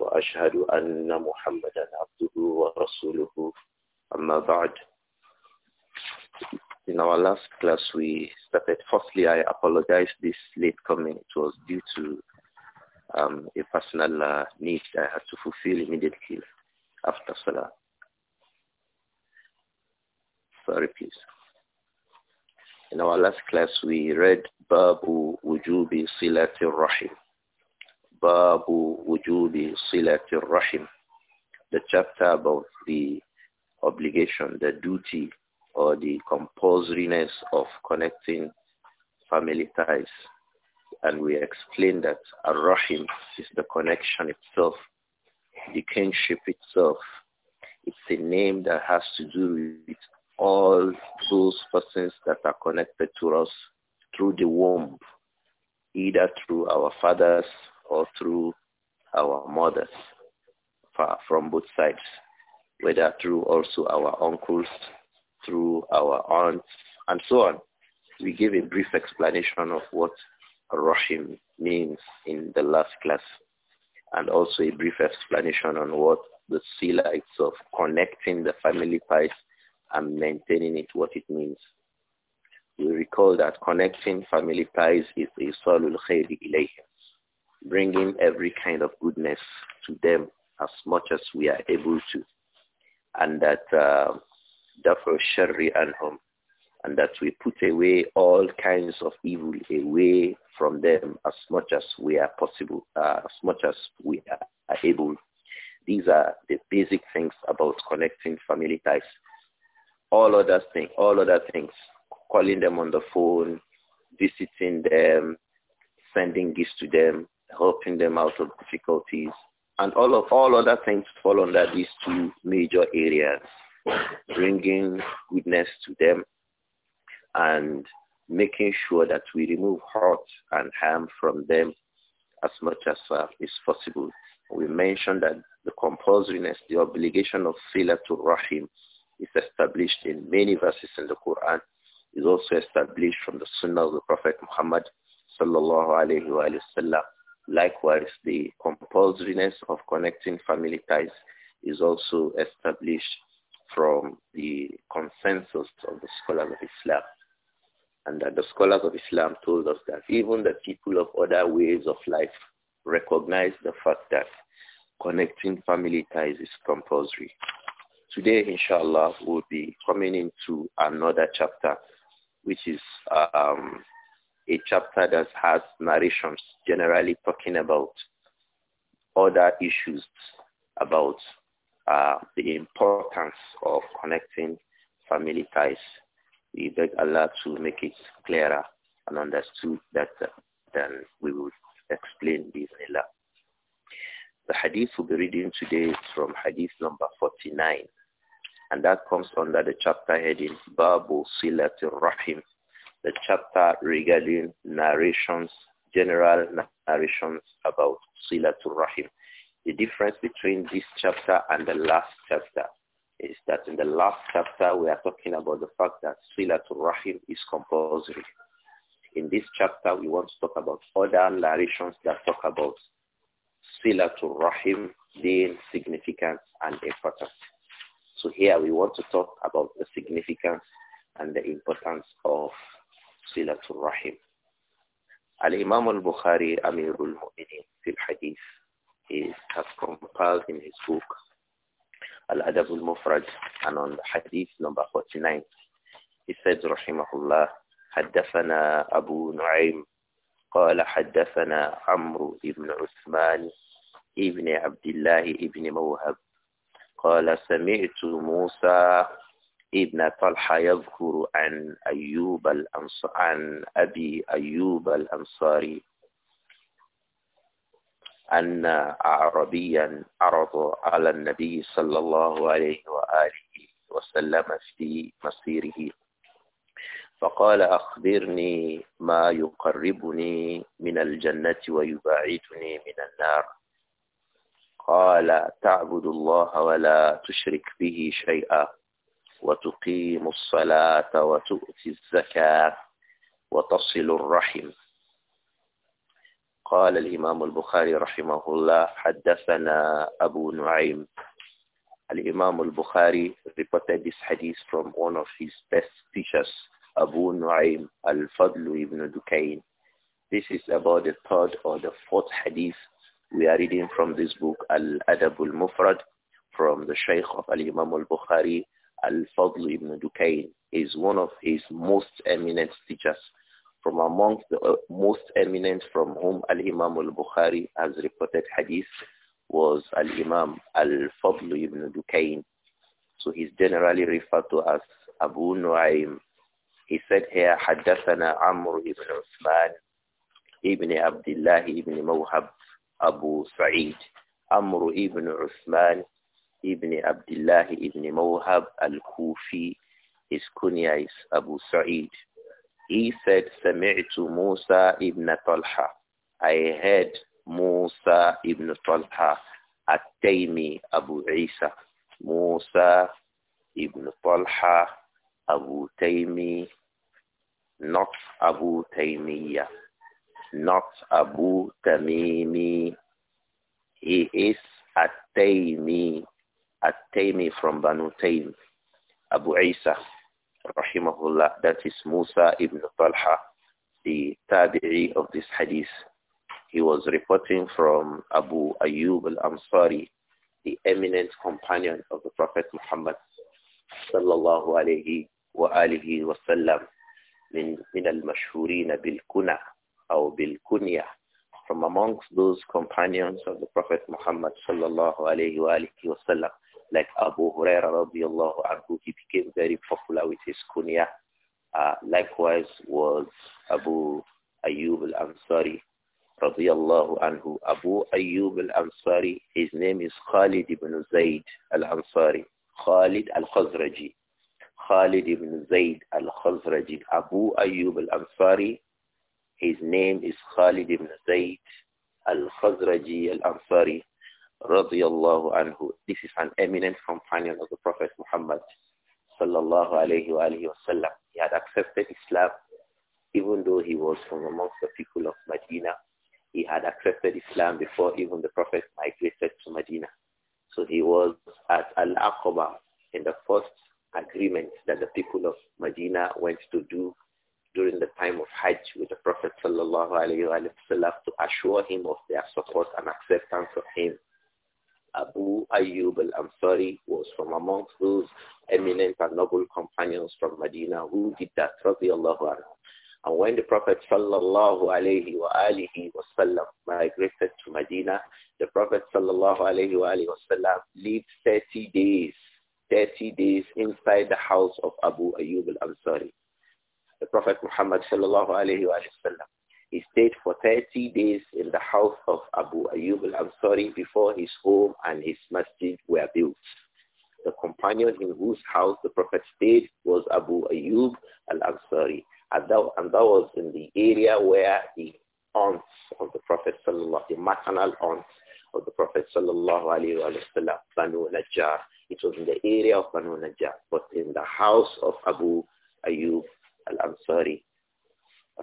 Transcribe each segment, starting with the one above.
وأشهد أن محمدا عبده ورسوله أما بعد In our last class we started, firstly I apologize this late coming. It was due to um, a personal uh, need I had to fulfill immediately after Salah. Sorry please. In our last class we read Babu Wujubi Silati Rahim Babu Wujubi Silatir Rahim, the chapter about the obligation, the duty or the compulsoriness of connecting family ties. And we explained that a rahim is the connection itself, the kinship itself. It's a name that has to do with all those persons that are connected to us through the womb, either through our fathers or through our mothers from both sides, whether through also our uncles, through our aunts, and so on. We gave a brief explanation of what roshim means in the last class, and also a brief explanation on what the sila of connecting the family ties and maintaining it, what it means. We recall that connecting family ties is a salul khayri ilayhim bringing every kind of goodness to them as much as we are able to, and that uh, sherry and home, and that we put away all kinds of evil away from them as much as we are possible, uh, as much as we are able. These are the basic things about connecting family ties. All other things, all other things, calling them on the phone, visiting them, sending gifts to them, helping them out of difficulties, and all of all other things fall under these two major areas, bringing goodness to them and making sure that we remove hurt and harm from them as much as uh, is possible. We mentioned that the compulsoriness, the obligation of Silatul Rahim is established in many verses in the Quran, is also established from the Sunnah of the Prophet Muhammad sallallahu alayhi wa Likewise, the compulsoriness of connecting family ties is also established from the consensus of the scholars of Islam. And that the scholars of Islam told us that even the people of other ways of life recognize the fact that connecting family ties is compulsory. Today, inshallah, we'll be coming into another chapter, which is um, a chapter that has narrations generally talking about other issues about uh, the importance of connecting family ties. We beg Allah to make it clearer and understood better uh, than we will explain this Allah. The hadith we'll be reading today is from hadith number 49 and that comes under the chapter heading Babu Silatul Rahim the chapter regarding narrations, general narrations about Silatul Rahim. The difference between this chapter and the last chapter is that in the last chapter we are talking about the fact that Silatul Rahim is compulsory. In this chapter we want to talk about other narrations that talk about Silatul Rahim being significant and important. So here we want to talk about the significance and the importance of silatul rahim. Al-Imam al-Bukhari, Amirul Mu'minin, fil hadith, he has compiled in his book, Al-Adab al-Mufrad, and on the hadith number 49, he said, rahimahullah, حدثنا أبو نعيم قال حدثنا عمرو بن عثمان ابن عبد الله ابن موهب قال سمعت موسى ابن طلحة يذكر عن أيوب الأنصاري عن أبي أيوب الأنصاري أن أعربيا عرض على النبي صلى الله عليه وآله وسلم في مصيره فقال أخبرني ما يقربني من الجنة ويباعدني من النار قال تعبد الله ولا تشرك به شيئا وتقيم الصلاة وتؤتي الزكاة وتصل الرحم قال الإمام البخاري رحمه الله حدثنا أبو نعيم الإمام البخاري reported this hadith from one of his best teachers Abu Nu'aym al-Fadl ibn Dukayn This is about the third or the fourth hadith we are reading from this book Al-Adab al-Mufrad from the Shaykh of Al-Imam al-Bukhari Al-Fadl ibn Dukayn is one of his most eminent teachers, from amongst the uh, most eminent from whom Al-Imam al-Bukhari has reported hadith was Al-Imam Al-Fadl ibn Dukayn. So he's generally referred to as Abu Nu'aym. He said here, حدثنا Amr ibn Uthman ibn Abdullah ibn Mawhab Abu Sa'id. Amr ibn Uthman ibn Abdullah ibn Mawhab al-Kufi. His kunya is Abu Sa'id. He said, Sami'tu Musa ibn Talha. I heard Musa ibn Talha at-Taymi Abu Isa. Musa ibn Talha Abu Taymi, not Abu Taymiyyah, not Abu Tamimi. He is at-Taymi at-Taymi from Banu Taym, Abu Isa, rahimahullah, that is Musa ibn Talha, the tabi'i of this hadith. He was reporting from Abu Ayyub al-Ansari, the eminent companion of the Prophet Muhammad sallallahu alayhi wa alihi wa sallam min, min al-mashhurina bil-kuna aw bil-kunya from amongst those companions of the Prophet Muhammad sallallahu alayhi wa alihi wa sallam like Abu Huraira radiallahu anhu, he became very popular with his kunya. Uh, likewise was Abu Ayyub al-Ansari radiallahu anhu. Abu Ayyub al-Ansari, his name is Khalid ibn Zayd al-Ansari. Khalid al-Khazraji. Khalid ibn Zayd al-Khazraji. Abu Ayyub al-Ansari, his name is Khalid ibn Zayd al-Khazraji al-Ansari radiallahu anhu. This is an eminent companion of the Prophet Muhammad sallallahu alayhi wa alayhi He had accepted Islam even though he was from amongst the people of Medina. He had accepted Islam before even the Prophet migrated to Medina. So he was at Al-Aqaba in the first agreement that the people of Medina went to do during the time of Hajj with the Prophet sallallahu alayhi wa sallam to assure him of their support and acceptance of him Abu Ayyub al-Ansari was from amongst those eminent and noble companions from Medina who did that, radiallahu anhu. And when the Prophet sallallahu alayhi wa alihi wasallam migrated to Medina, the Prophet sallallahu alayhi wa alihi wasallam lived 30 days, 30 days inside the house of Abu Ayyub al-Ansari. The Prophet Muhammad sallallahu alayhi wa sallam he stayed for 30 days in the house of Abu Ayyub al-Ansari before his home and his masjid were built. The companion in whose house the Prophet stayed was Abu Ayyub al-Ansari. And that, and that was in the area where the aunts of the Prophet sallallahu the maternal aunts of the Prophet sallallahu Banu Najjar. It was in the area of Banu Najjar, but in the house of Abu Ayyub al-Ansari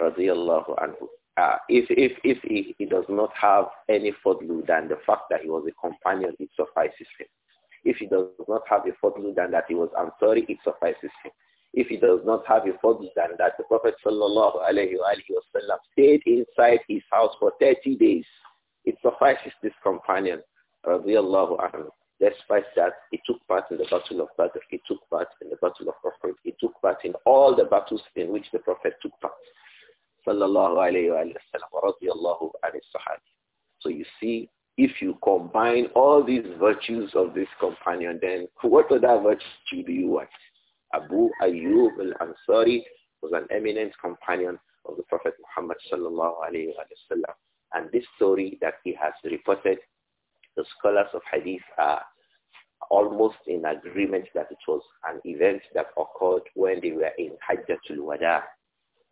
radiallahu anhu. Uh, if if if he, he does not have any fadlu then the fact that he was a companion, it suffices him. If he does not have a fadlu then that he was ansari, it suffices him. If he does not have a fadlu then that the Prophet sallallahu alaihi wasallam stayed inside his house for 30 days, it suffices this companion, radiallahu anhu despite that he took part in the battle of Badr, he took part in the battle of Uhud, he took part in all the battles in which the Prophet took part sallallahu alayhi wa sallam, radiallahu sahabi. So you see, if you combine all these virtues of this companion, then what other virtue do you want? Abu Ayyub al-Ansari was an eminent companion of the Prophet Muhammad sallallahu alayhi wa sallam. And this story that he has reported, the scholars of hadith are almost in agreement that it was an event that occurred when they were in Hajjatul Wada,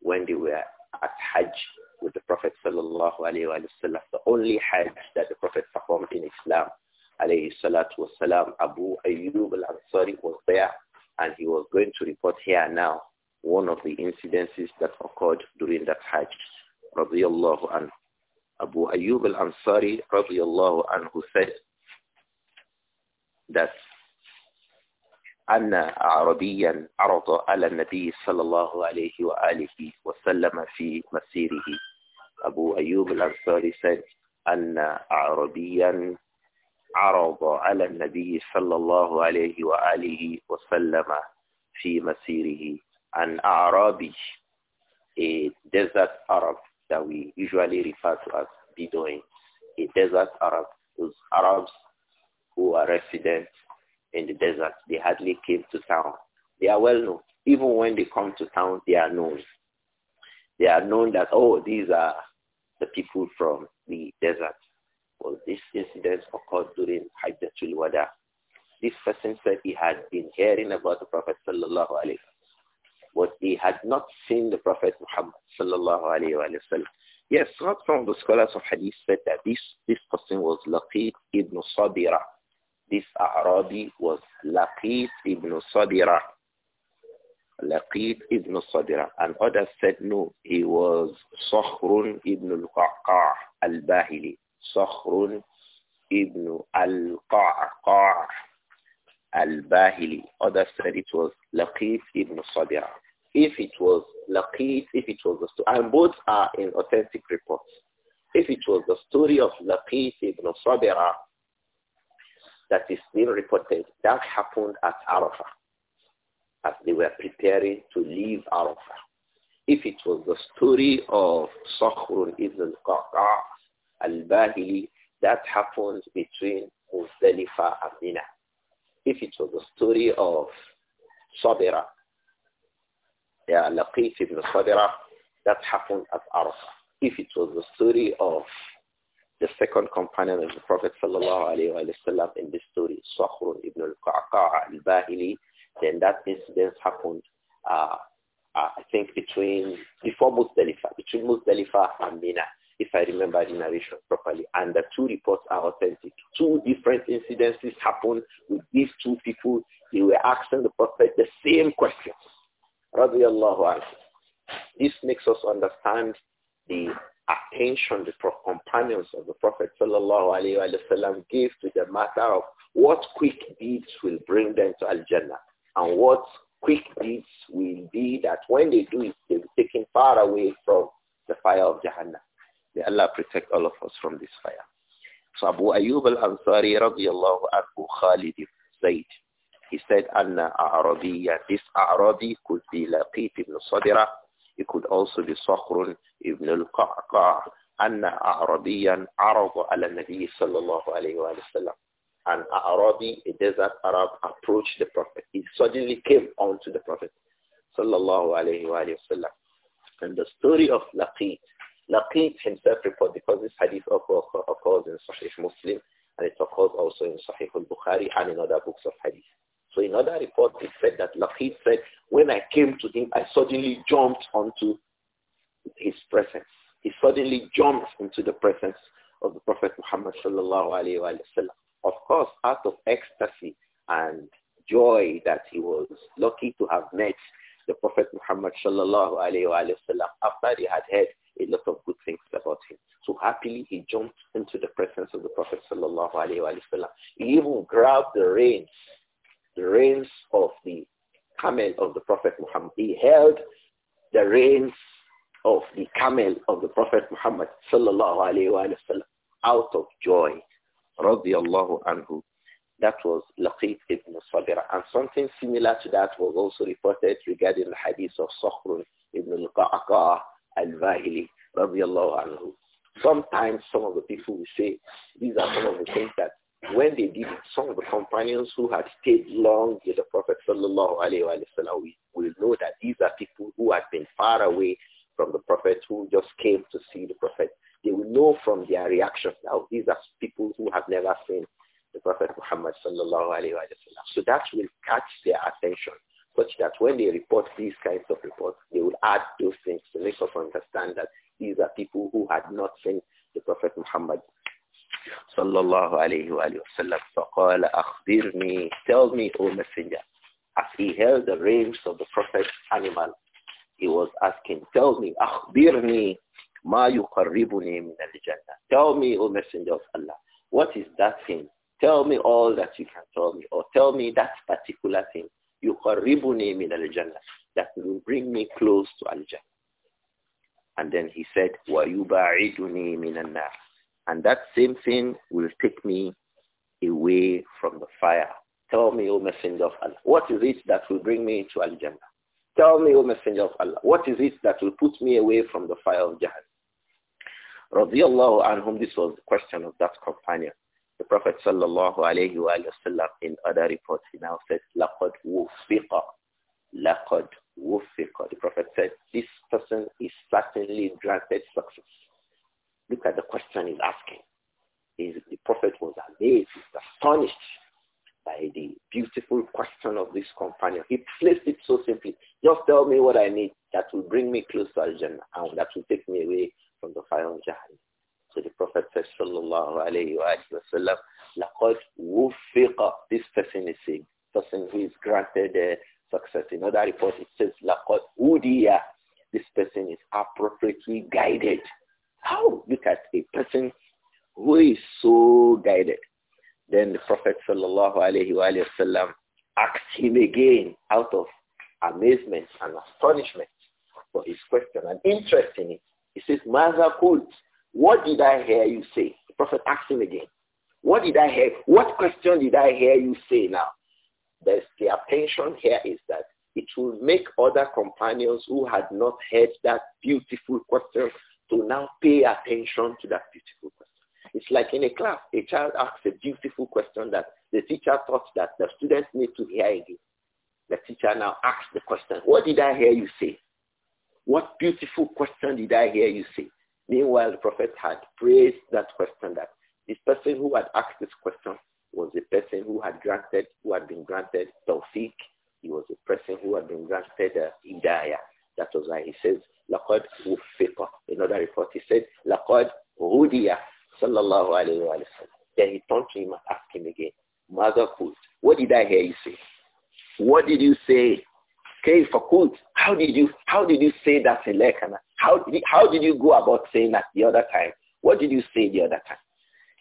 when they were at Hajj with the Prophet sallallahu alayhi wa sallam, the only Hajj that the Prophet performed in Islam. Alayhi salatu wasalam, Abu Ayyub al-Ansari was there and he was going to report here now one of the incidences that occurred during that Hajj. Radiallahu anhu. Abu Ayyub al-Ansari radiallahu anhu said that أن عربيا عرض على النبي صلى الله عليه وآله وسلم في مسيره أبو أيوب الأنصاري said أن عربيا عرض على النبي صلى الله عليه وآله وسلم في مسيره أن أعرابي a desert Arab that we usually refer to as Bedouin, a desert Arab, those Arabs who are residents in the desert. They hardly came to town. They are well known. Even when they come to town, they are known. They are known that, oh, these are the people from the desert. Well, this incident occurred during Hajjatul Wada. This person said he had been hearing about the Prophet sallallahu alaihi wasallam, but he had not seen the Prophet Muhammad sallallahu alaihi wasallam. Yes, not from the scholars of hadith said that this, this person was Laqid ibn Sabira. This Arabi was Laqit ibn Sadira. Laqit ibn Sadira. And others said no, he was Sakhrun ibn al-Qa'qa' al-Bahili. Sakhrun ibn al-Qa'qa' al-Bahili. Others said it was Laqit ibn Sadira. If it was Laqit, if it was the story, and both are in authentic reports. If it was the story of Laqit ibn Sadira, that is being reported, that happened at Arafah as they were preparing to leave Arafah. If it was the story of Sakhr ibn qaqa al-Bahili, that happened between Muzdalifah and Mina. If it was the story of Sabira, yeah, Laqif ibn Sabira, that happened at Arafah. If it was the story of the second companion of the Prophet sallallahu in this story, Sakhr ibn al-Qa'qa' al-Bahili, then that incident happened, uh, uh, I think between, before Muzdalifah, between Muzdalifah and Mina, if I remember the narration properly. And the two reports are authentic. Two different incidences happened with these two people. They were asking the Prophet the same questions. Radiallahu anhu. This makes us understand the attention the companions of the Prophet wasallam gave to the matter of what quick deeds will bring them to Al-Jannah and what quick deeds will be that when they do it, they'll be taken far away from the fire of Jahannam. May Allah protect all of us from this fire. So Abu Ayyub al-Ansari radiyallahu anhu Khalid Zayd. He said, Anna A'rabiya, this A'rabi could be Laqit ibn it could also be Sakhrun ibn al-Qa'qa' أن أعربيا عرض على an Arabi, a desert Arab, approached the Prophet. He suddenly came on to the Prophet. Sallallahu alayhi wa sallam. And the story of Laqit, Laqit himself reported, because this hadith occurs in Sahih Muslim, and it occurs also in Sahih al-Bukhari and in other books of hadith. So in other report, it said that Laqid said, when I came to him, I suddenly jumped onto his presence. He suddenly jumped into the presence of the Prophet Muhammad sallallahu alayhi wa sallam. Of course, out of ecstasy and joy that he was lucky to have met the Prophet Muhammad sallallahu alayhi wa sallam after they had heard a lot of good things about him. So happily he jumped into the presence of the Prophet sallallahu alayhi wa sallam. He even grabbed the reins the reins of the camel of the Prophet Muhammad. He held the reins of the camel of the Prophet Muhammad sallallahu alayhi wa sallam out of joy. Radiallahu anhu. That was Laqit ibn Sabira. And something similar to that was also reported regarding the hadith of Sakhrun ibn al-Qa'qa al-Vahili. Radiallahu anhu. Sometimes some of the people will say, these are some of the things that when they did it, some of the companions who had stayed long with the Prophet sallallahu alaihi we will know that these are people who had been far away from the Prophet, who just came to see the Prophet. They will know from their reactions now. Oh, these are people who have never seen the Prophet Muhammad sallallahu alaihi wasallam. So that will catch their attention such that when they report these kinds of reports, they will add those things to make us understand that these are people who had not seen the Prophet Muhammad صلى الله عليه وآله وسلم فقال أخبرني tell me O messenger as he held the reins of the prophet's animal he was asking tell me أخبرني ما يقربني من الجنة tell me O messenger of Allah what is that thing tell me all that you can tell me or tell me that particular thing يقربني من الجنة that will bring me close to Al-Jannah and then he said ويبعدني من النار and that same thing will take me away from the fire. Tell me, O Messenger of Allah, what is it that will bring me into Al-Jannah? Tell me, O Messenger of Allah, what is it that will put me away from the fire of Jahannam? Radiallahu anhum, this was the question of that companion. The Prophet sallallahu alayhi wa sallam in other reports, he now said, لَقَدْ وُفِقَ لَقَدْ وُفِقَ The Prophet said, this person is certainly granted success. Look at the question he's asking. Is the prophet was amazed, astonished by the beautiful question of this companion. He placed it so simply. Just tell me what I need that will bring me close to Al-Jannah and that will take me away from the fire of Jahannam. So the Prophet says, Sallallahu Alaihi Wasallam, لَقَدْ وُفِّقَ This person is saying, person who is granted uh, success. In other reports, it says, لَقَدْ udiya. This person is appropriately guided person who is so guided. Then the Prophet sallallahu alayhi wasallam asked him again out of amazement and astonishment for his question and interest in it. He says, Mother Kult, what did I hear you say? The Prophet asked him again. What did I hear? What question did I hear you say now? There's, the attention here is that it will make other companions who had not heard that beautiful question to now pay attention to that beautiful question. It's like in a class, a child asks a beautiful question that the teacher thought that the students need to hear again. The teacher now asks the question, what did I hear you say? What beautiful question did I hear you say? Meanwhile, the prophet had praised that question that this person who had asked this question was a person who had granted, who had been granted tawfiq. He was a person who had been granted uh, hidayah. That was why he says, لَقَدْ وُفِّقَ Another report, he said, لَقَدْ هُدِيَ Sallallahu alayhi wa Then he turned to him and asked him again, Mother Kult, what did I hear you say? What did you say? Kayf Kult, how did you, how did you say that in How did, how did you go about saying that the other time? What did you say the other time?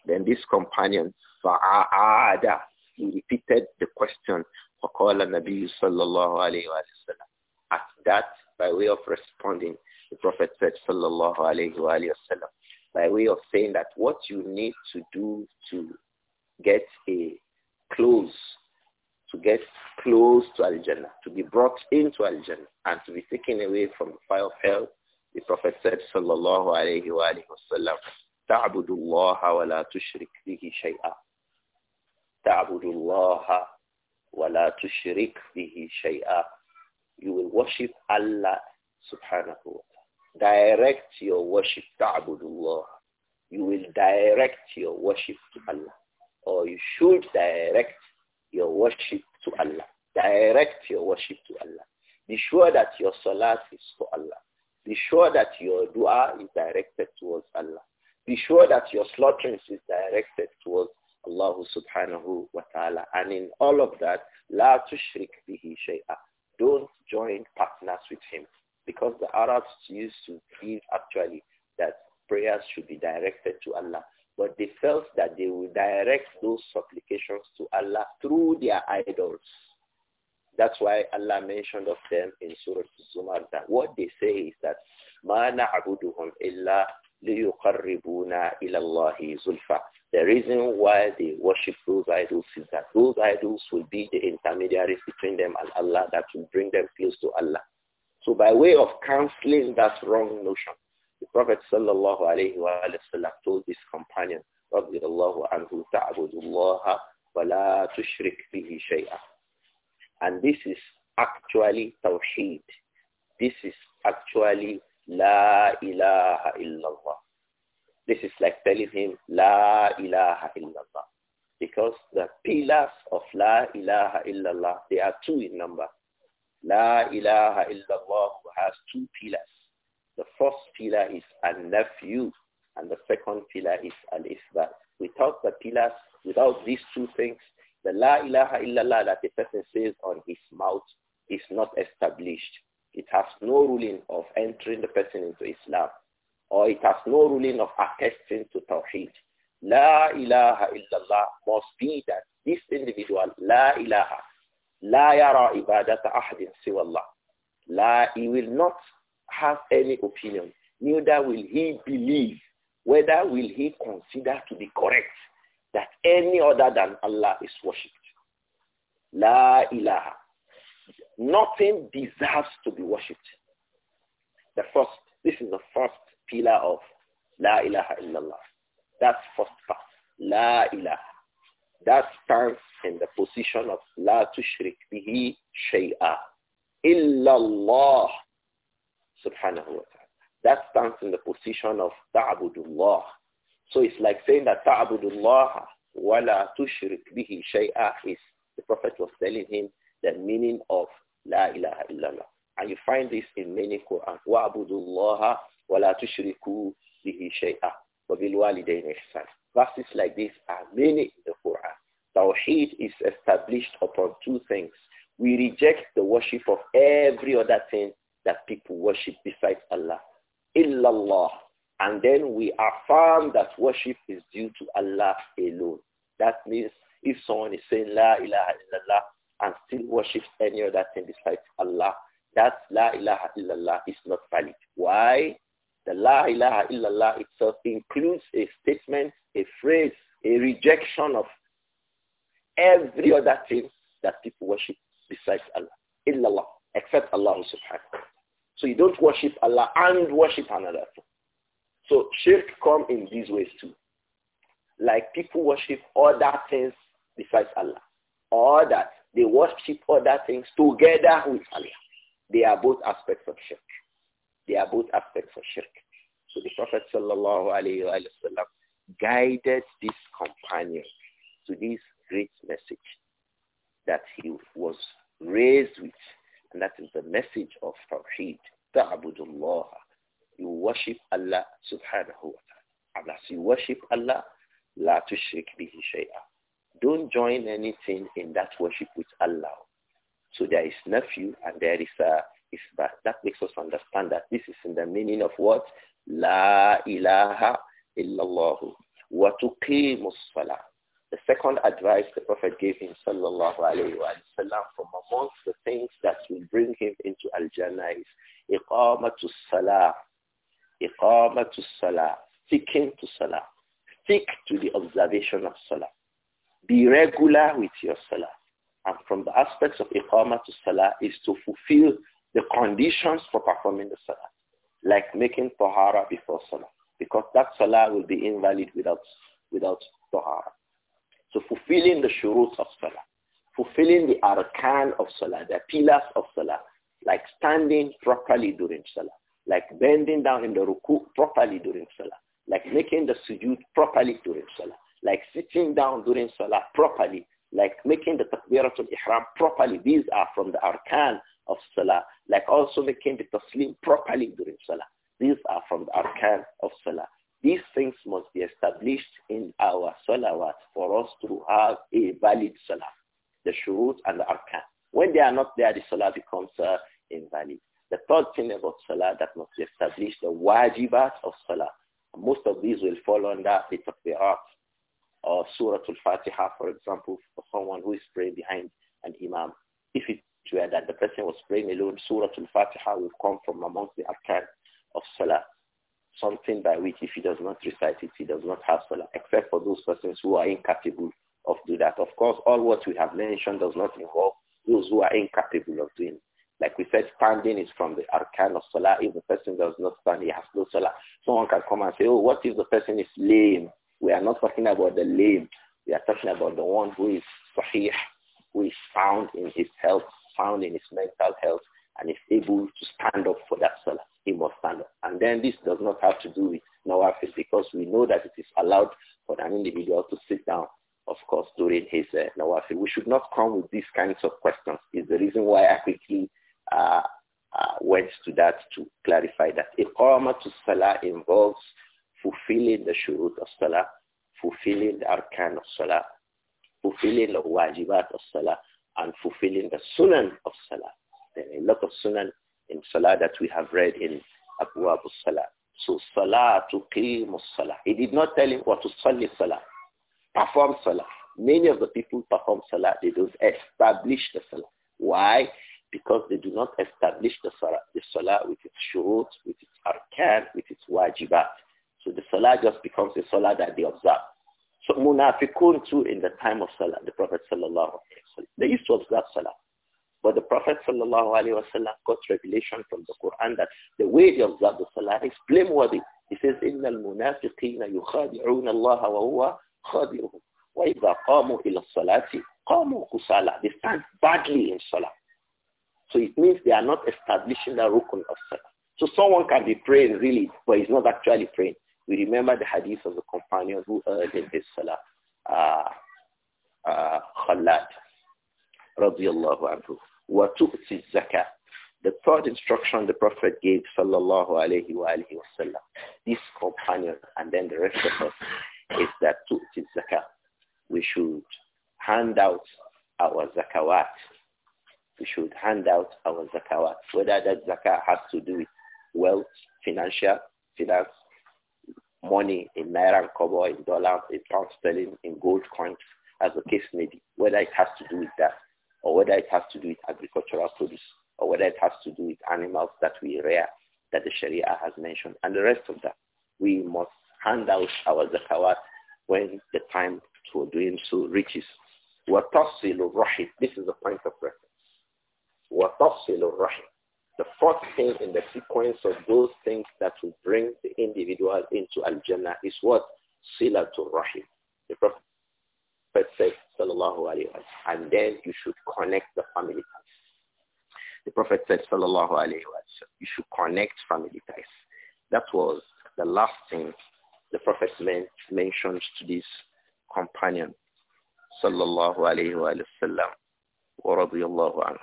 Then this companion, Fa'ada, he repeated the question, فقال النبي صلى الله عليه وسلم At that by way of responding, the Prophet said, sallallahu alayhi wa sallam, by way of saying that what you need to do to get a close, to get close to Al-Jannah, to be brought into Al-Jannah and to be taken away from the fire of hell, the Prophet said, sallallahu alayhi wa sallam, تعبد الله ولا تشرك به شيئا تعبد الله ولا تشرك به شيئا you will worship Allah subhanahu wa ta'ala. Direct your worship to Abdullah. You will direct your worship to Allah. Or you should direct your worship to Allah. Direct your worship to Allah. Be sure that your salat is for Allah. Be sure that your dua is directed towards Allah. Be sure that your slaughterings is directed towards Allah subhanahu wa ta'ala. And in all of that, la tushrik bihi shay'a don't join partners with him because the Arabs used to believe actually that prayers should be directed to Allah. But they felt that they would direct those supplications to Allah through their idols. That's why Allah mentioned of them in Surah Zumar that what they say is that مَا نَعْبُدُهُمْ إِلَّا لِيُقَرِّبُونَا إِلَى اللَّهِ زُلْفَى The reason why they worship those idols is that those idols will be the intermediaries between them and Allah that will bring them close to Allah. So by way of counseling that wrong notion, the Prophet sallallahu alayhi wa sallam told his companion, رَضِيَ اللَّهُ عَنْهُ تَعْبُدُ اللَّهَ وَلَا تُشْرِكْ بِهِ شَيْئًا And this is actually tawheed. This is actually La ilaha illallah. This is like telling him La ilaha illallah. Because the pillars of La ilaha illallah, they are two in number. La ilaha illallah has two pillars. The first pillar is an-nafyu and the second pillar is al-isbat. Without the pillars, without these two things, the la ilaha illallah that the person says on his mouth is not established. It has no ruling of entering the person into Islam or it has no ruling of attesting to Tawheed. La ilaha illallah must be that this individual, la ilaha, la yara ibadata ahdin siwallah. La, he will not have any opinion, neither will he believe, whether will he consider to be correct that any other than Allah is worshipped. La ilaha. Nothing deserves to be worshipped. The first, this is the first pillar of La ilaha illallah. That's first part. La ilaha. That stands in the position of La tushrik bihi shay'a. Illallah. Subhanahu wa ta'ala. That stands in the position of Ta'budullah. So it's like saying that Ta'budullah wa la tushrik bihi shay'a is, the Prophet was telling him the meaning of La ilaha illallah. And you find this in many Quran. وَعْبُدُ اللَّهَ وَلَا تُشْرِكُوا بِهِ شَيْئًا وَبِالْوَالِدَيْنِ إِحْسَانًا Verses like this are many in the Quran. Tawheed is established upon two things. We reject the worship of every other thing that people worship besides Allah. Illallah. And then we affirm that worship is due to Allah alone. That means if someone is saying La ilaha illallah, and still worships any other thing besides Allah, that La ilaha illallah is not valid. Why? The La ilaha illallah itself includes a statement, a phrase, a rejection of every other thing that people worship besides Allah. Illallah, except Allah subhanahu So you don't worship Allah and worship another thing. So shirk come in these ways too. Like people worship other things besides Allah. Or that they worship other things together with Allah. They are both aspects of shirk. They are both aspects of shirk. So the Prophet sallallahu alayhi wa guided this companion to this great message that he was raised with. And that is the message of Tawheed. Ta'budullah. You worship Allah subhanahu wa ta'ala. And you worship Allah, la tushrik bihi shay'a. Don't join anything in that worship with Allah. So there is nephew and there is a uh, isbat. That makes us understand that this is in the meaning of what? La ilaha illallah. Wa tuqimus salah. The second advice the Prophet gave him, sallallahu alayhi wa sallam, from amongst the things that will bring him into Al-Jannah is to salah. to salah. Sticking to salah. Stick to the observation of salah. Be regular with your salah. And from the aspects of Iqama to salah is to fulfill the conditions for performing the salah, like making tahara before salah, because that salah will be invalid without, without tahara. So fulfilling the shurut of salah, fulfilling the arkan of salah, the pillars of salah, like standing properly during salah, like bending down in the ruku properly during salah, like making the sujood properly during salah like sitting down during salah properly, like making the takbiratul ihram properly. These are from the arkan of salah, like also making the taslim properly during salah. These are from the arkan of salah. These things must be established in our salawat for us to have a valid salah, the shurut and the arkan. When they are not there, the salah becomes uh, invalid. The third thing about salah that must be established, the wajibat of salah. Most of these will fall under the takbirat or uh, Surah Al-Fatiha, for example, for someone who is praying behind an imam. If it were that the person was praying alone, Surah Al-Fatiha will come from amongst the arkan of Salah, something by which if he does not recite it, he does not have Salah, except for those persons who are incapable of doing that. Of course, all what we have mentioned does not involve those who are incapable of doing. Like we said, standing is from the arkan of Salah. If the person does not stand, he has no Salah. Someone can come and say, oh, what if the person is lame? We are not talking about the lame. We are talking about the one who is sahih, who is sound in his health, sound in his mental health, and is able to stand up for that salah. He must stand up. And then this does not have to do with nawafil because we know that it is allowed for an individual to sit down, of course, during his uh, nawafil. We should not come with these kinds of questions. Is the reason why I quickly uh, uh, went to that to clarify that. Iqama to salah involves fulfilling the shurut of salah, fulfilling the arkan of salah, fulfilling the wajibat of salah, and fulfilling the sunan of salah. There are a lot of sunan in salah that we have read in Abu salah. So salah to qim salah. He did not tell him what to salli salah. Perform salah. Many of the people perform salah, they don't establish the salah. Why? Because they do not establish the salah, the salah with its shurut, with its arkan, with its wajibat. So the salah just becomes a salah that they observe. So munafiqun too in the time of salah, the Prophet sallallahu they used to observe salah. But the Prophet sallallahu alaihi wasallam got revelation from the Quran that the way they observe the salah is blameworthy. He says, إِنَّ الْمُنَافِقِينَ يُخَادِعُونَ اللَّهَ وَهُوَ خَادِعُهُمْ وَإِذَا قَامُوا إِلَى الصَّلَاةِ قَامُوا كُسَالَى They stand badly in salah. So it means they are not establishing the rukun of salah. So someone can be praying really, but he's not actually praying. We remember the hadith of the companion who earned in his salah, uh, uh, radiallahu anhu, wa tu'ti zakah. The third instruction the Prophet gave, sallallahu alayhi wa alayhi wa sallam, this companion and then the rest of us, is that tu'ti zakah. We should hand out our zakawat. We should hand out our zakawat, whether that zakah has to do with wealth, financial, finance, money in naira and kobo, in dollars, in pound sterling, in gold coins, as the case may be, whether it has to do with that, or whether it has to do with agricultural produce, or whether it has to do with animals that we rear, that the Sharia has mentioned, and the rest of that. We must hand out our zakawat when the time for doing so reaches. وَتَصِلُ This is a point of reference. وَتَصِلُ the fourth thing in the sequence of those things that will bring the individual into Al-Jannah is what? to Rahim. The Prophet said, Sallallahu Alaihi Wasallam, and then you should connect the family ties. The Prophet said, Sallallahu Alaihi Wasallam, you should connect family ties. That was the last thing the Prophet mentioned to this companion, Sallallahu Alaihi Wasallam, wa radiyallahu anhu.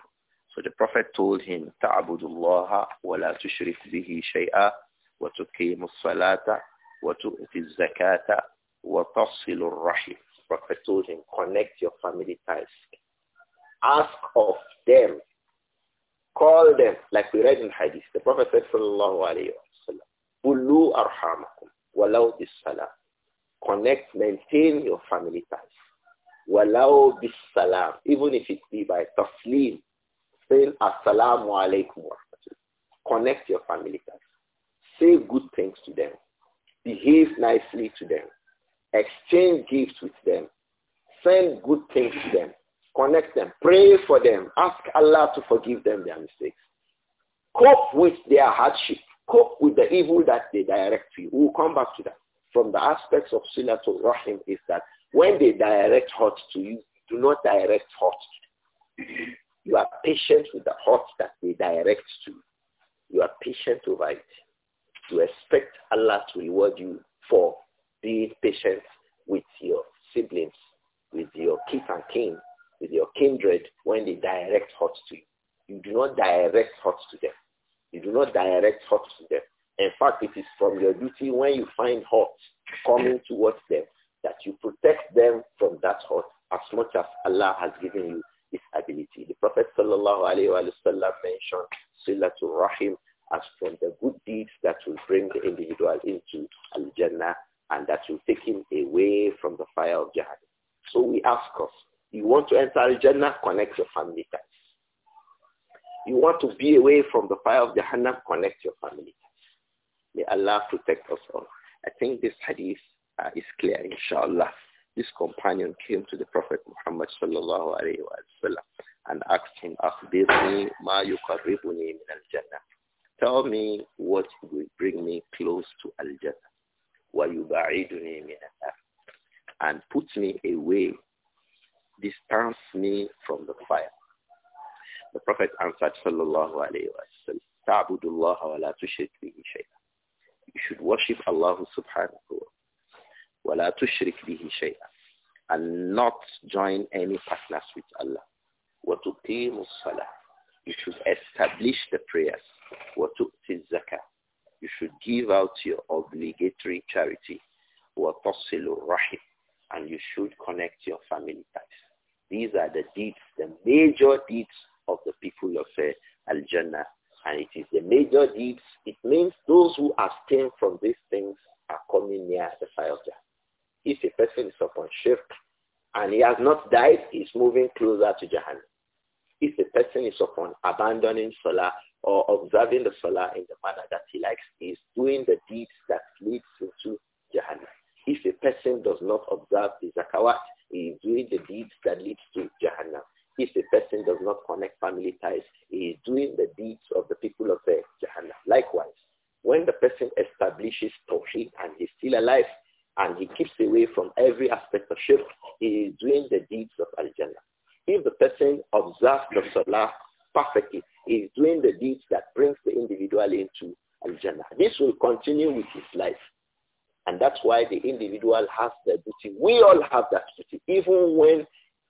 So the Prophet told him, تَعْبُدُ اللَّهَ وَلَا تُشْرِكْ بِهِ شَيْئًا وَتُقِيمُ الصَّلَاةَ وَتُؤْتِ الزَّكَاةَ وَتَصِلُ The Prophet told him, connect your family ties. Ask of them. Call them, like we read in Hadith. The Prophet said, sallallahu alayhi wa sallam, Ulu arhamakum, walau bisalam. Connect, maintain your family ties. Walau bisalam, even if it be by taslim, Say assalamu alaikum Connect your family Say good things to them. Behave nicely to them. Exchange gifts with them. Send good things to them. Connect them. Pray for them. Ask Allah to forgive them their mistakes. Cope with their hardship. Cope with the evil that they direct you. We'll come back to that. From the aspects of Silatul Rahim is that when they direct hurt to you, do not direct hurt you are patient with the hurt that they direct to. You are patient over it. You expect Allah to reward you for being patient with your siblings, with your kith and kin, with your kindred when they direct hurt to you. You do not direct hurt to them. You do not direct hurt to them. In fact, it is from your duty when you find hurt coming towards them that you protect them from that hurt as much as Allah has given you ability, The Prophet sallallahu mentioned silatul rahim as from the good deeds that will bring the individual into al-Jannah and that will take him away from the fire of Jahannam. So we ask us, you want to enter al-Jannah, connect your family ties. You want to be away from the fire of Jahannam, connect your family ties. May Allah protect us all. I think this hadith uh, is clear, inshallah this companion came to the Prophet Muhammad sallallahu alayhi wa sallam and asked him, Akhbirni ma yukarribuni min al-jannah. Tell me what will bring me close to al-jannah. Wa yubaiduni min al And put me away, distance me from the fire. The Prophet answered sallallahu alayhi wa sallam, wa la tushrik bihi You should worship Allah subhanahu wa وَلَا تُشْرِكْ بِهِ شَيْئًا And not join any partners with Allah. وَتُقِيمُ الصَّلَاةِ You should establish the prayers. وَتُؤْتِ الزَّكَاةِ You should give out your obligatory charity. وَتَصِلُ الرَّحِمِ And you should connect your family ties. These are the deeds, the major deeds of the people of uh, Al-Jannah. And it is the major deeds. It means those who abstain from these things are coming near the fire of if a person is upon shirk and he has not died, he's moving closer to Jahannam. If a person is upon abandoning Salah or observing the Salah in the manner that he likes, he's doing the deeds that leads into Jahannam. If a person does not observe the zakawat, he is doing the deeds that leads to Jahannam. If a person does not connect family ties, he is doing the deeds of the people of the Jahannam. Likewise, when the person establishes tawhid and he's still alive, and he keeps away from every aspect of shirk, he is doing the deeds of Al-Jannah. If the person observes the Salah perfectly, he is doing the deeds that brings the individual into Al-Jannah. This will continue with his life. And that's why the individual has the duty. We all have that duty. Even when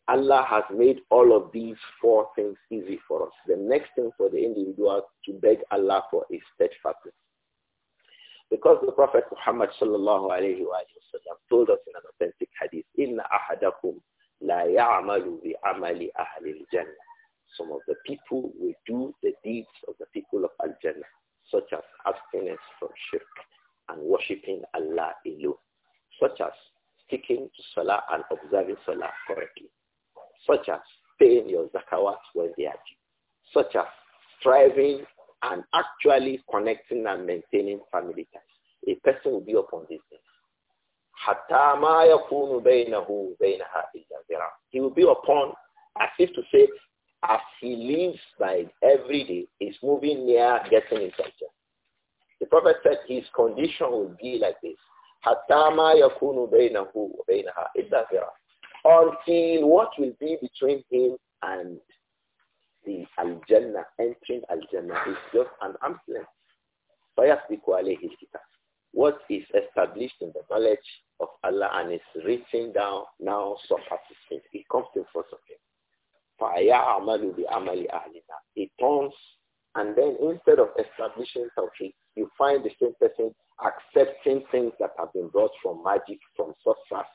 Allah has made all of these four things easy for us, the next thing for the individual to beg Allah for is steadfastness. Because the Prophet Muhammad sallallahu alayhi wa sallam told us in an authentic hadith, Inna ahadakum la ya'malu bi amali ahli jannah Some of the people will do the deeds of the people of Al-Jannah, such as abstinence from shirk and worshipping Allah alone, such as sticking to Salah and observing Salah correctly, such as paying your zakawat when they are due, such as striving and actually connecting and maintaining family ties. A person will be upon this thing. He will be upon, as if to say, as he lives by every day, he's moving near getting in touch. The Prophet said his condition will be like this. Until what will be between him and the al entering Al-Jannah is just an arm's length. What is established in the knowledge of Allah and is written down now surpasses it. It comes in front of him. He turns and then instead of establishing something, you find the same person accepting things that have been brought from magic, from sorcery,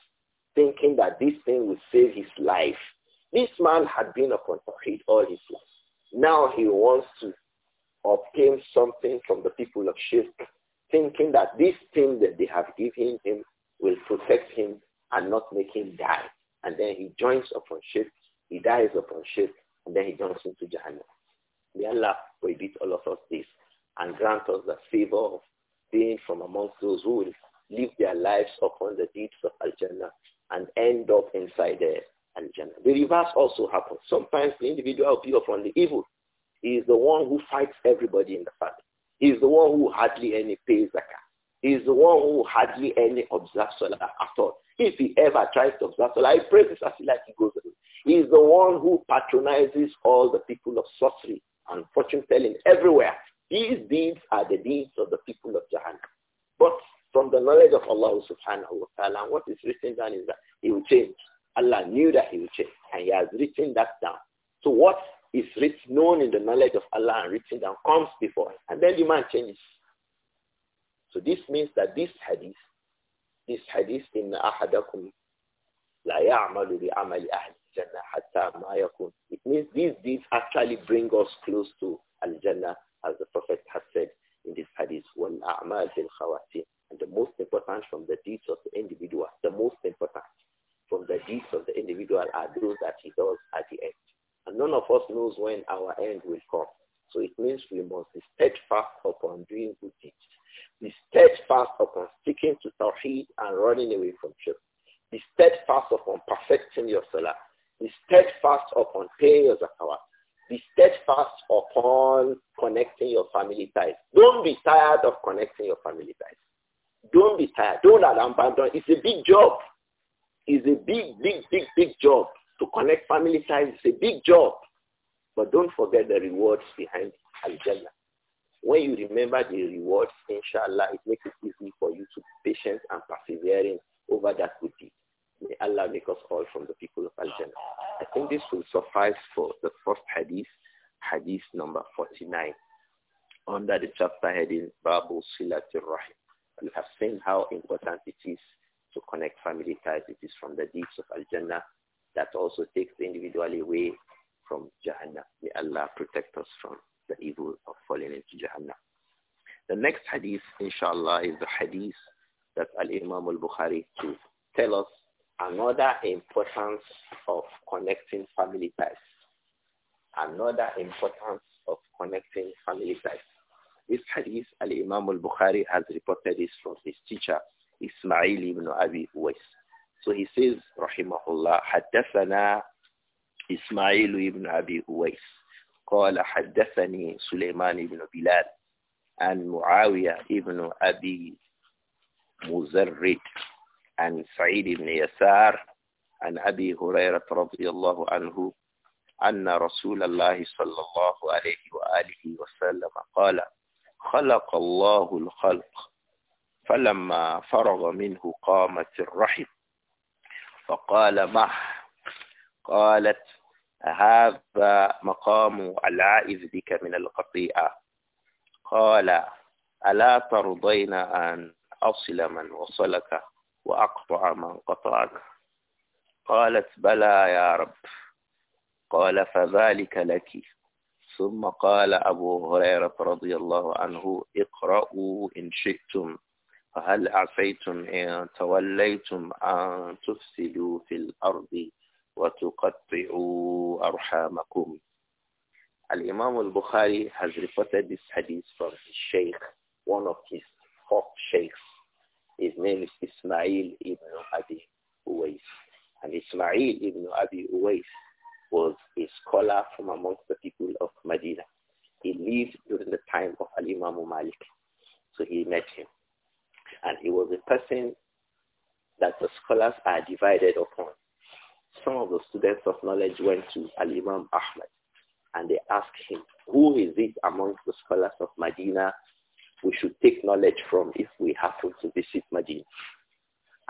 thinking that this thing will save his life this man had been upon Tawheed all his life. Now he wants to obtain something from the people of Shirk, thinking that this thing that they have given him will protect him and not make him die. And then he joins upon Shirk, he dies upon Shirk, and then he jumps into Jahannam. May Allah forbid all of us this and grant us the favor of being from amongst those who will live their lives upon the deeds of Al-Jannah and end up inside there. The reverse also happens. Sometimes the individual will from the evil. He is the one who fights everybody in the family. He is the one who hardly any pays zakah. He is the one who hardly any observes salah at all. If he ever tries to observe salah, he prays as he like he goes away. He is the one who patronizes all the people of sorcery and fortune telling everywhere. These deeds are the deeds of the people of Jahannam. But from the knowledge of Allah subhanahu wa ta'ala, what is written down is that he will change. Allah knew that he would change, and he has written that down. So what is written, known in the knowledge of Allah and written down comes before, and then the man changes. So this means that this hadith, this hadith in ahadakum la ya'malu bi amali ahli jannah hatta ma yakun. It means these deeds actually bring us close to al-jannah, as the Prophet has said in this hadith, wal a'mal bil khawatim. And the most important from the deeds of the individual, the most important from the deeds of the individual are those that he does at the end. And none of us knows when our end will come. So it means we must be steadfast upon doing good deeds. Be steadfast upon sticking to Tawheed and running away from shirk. Be steadfast upon perfecting your salah. Be steadfast upon paying your zakawat. Be steadfast upon connecting your family ties. Don't be tired of connecting your family ties. Don't be tired. Don't abandon. It's a big job is a big, big, big, big job. To connect family ties is a big job. But don't forget the rewards behind Al-Jannah. When you remember the rewards, inshallah, it makes it easy for you to be patient and persevering over that good deed. May Allah make us all from the people of Al-Jannah. I think this will suffice for the first hadith, hadith number 49, under the chapter heading Babu Silatul Rahim. You have seen how important it is to connect family ties. It is from the deeds of Al-Jannah that also takes the individual away from Jahannam. May Allah protect us from the evil of falling into Jahannam. The next hadith, inshallah, is the hadith that Al-Imam al-Bukhari to tell us another importance of connecting family ties. Another importance of connecting family ties. This hadith, Al-Imam al-Bukhari has reported this from his teacher, Ismail ibn Abi Uwais. So he says, rahimahullah, حدثنا إسماعيل ibn Abi Uwais. قال حدثني سليمان بن بلال عن معاوية ابن أبي مزرد عن سعيد بن يسار عن أبي هريرة رضي الله عنه أن رسول الله صلى الله عليه وآله وسلم قال خلق الله الخلق فلما فرغ منه قامت الرحم فقال مه قالت هذا مقام العائذ بك من القطيئة قال ألا ترضين أن أصل من وصلك وأقطع من قطعك قالت بلى يا رب قال فذلك لك ثم قال أبو هريرة رضي الله عنه اقرأوا إن شئتم فهل عصيتم إن توليتم أن تفسدوا في الأرض وتقطعوا أرحامكم Al-Imam al-Bukhari has reported this hadith from his sheikh, one of his four sheikhs. His name is Ismail ibn Abi Uwais. And Ismail ibn Abi Uwais was a scholar from amongst the people of Medina. He lived during the time of Al-Imam Malik. So he met him. He was a person that the scholars are divided upon. Some of the students of knowledge went to Al-Imam Ahmad and they asked him, who is it amongst the scholars of Medina we should take knowledge from if we happen to visit Medina?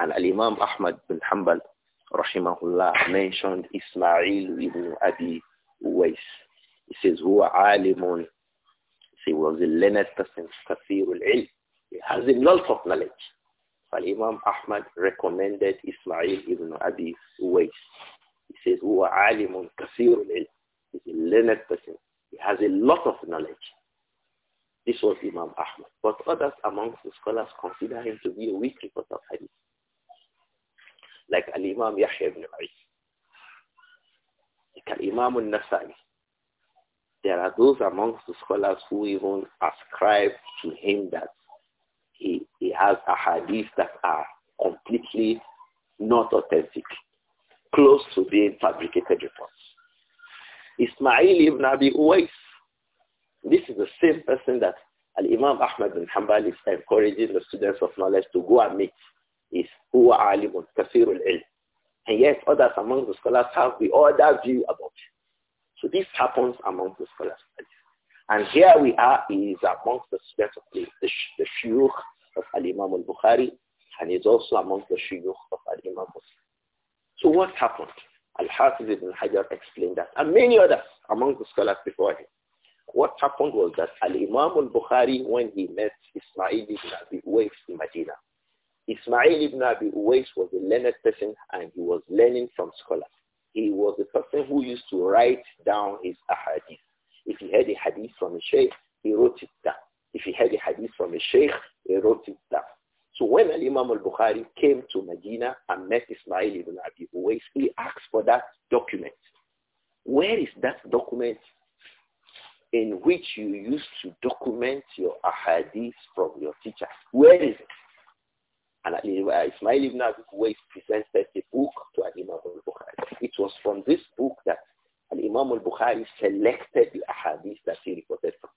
And Al-Imam Ahmad bin Hanbal, rahimahullah, mentioned Ismail ibn Abi Uwais. He says, "Who are alimun. He was a learned person, ilm. He has a lot of knowledge. Al-Imam Ahmad recommended Ismail ibn Abi Uwais. He says, huwa alimun kasirul ilm. He's a learned person. He has a lot of knowledge. This was Imam Ahmad. But others amongst the scholars consider him to be a weak reporter of hadith. Like Al-Imam Yahya ibn Ali. Like Al-Imam al-Nasai. There are those amongst the scholars who even ascribe to him that he, he has a hadith that are completely not authentic, close to being fabricated reports. Ismail ibn Abi Uwais, this is the same person that Al-Imam Ahmad bin Hanbal is encouraging the students of knowledge to go and meet. Is huwa alimun kathirul ilm. And yet others among the scholars have the other view about it. So this happens among the scholars. And here we are, he is amongst the students of the, the, the shuyukh of Al-Imam al-Bukhari, and he's also amongst the shuyukh of Al-Imam Muslim. So what happened? Al-Hafiz ibn Hajar explained that, and many others among the scholars before him. What happened was that Al-Imam al-Bukhari, when he met Ismail ibn Abi Uwais in Medina, Ismail ibn Abi Uwais was a learned person and he was learning from scholars. He was a person who used to write down his ahadith. If he had a hadith from a sheikh, he wrote it down. If he had a hadith from a sheikh, he wrote it down. So when Al Imam al-Bukhari came to Medina and met Ismail ibn Abi Uwais, he asked for that document. Where is that document in which you used to document your ahadith from your teacher? Where is it? And uh, Ismail ibn Abi Uwais presented a book to Imam al-Bukhari. It was from this book that and Imam al-Bukhari selected the hadiths that he reported from.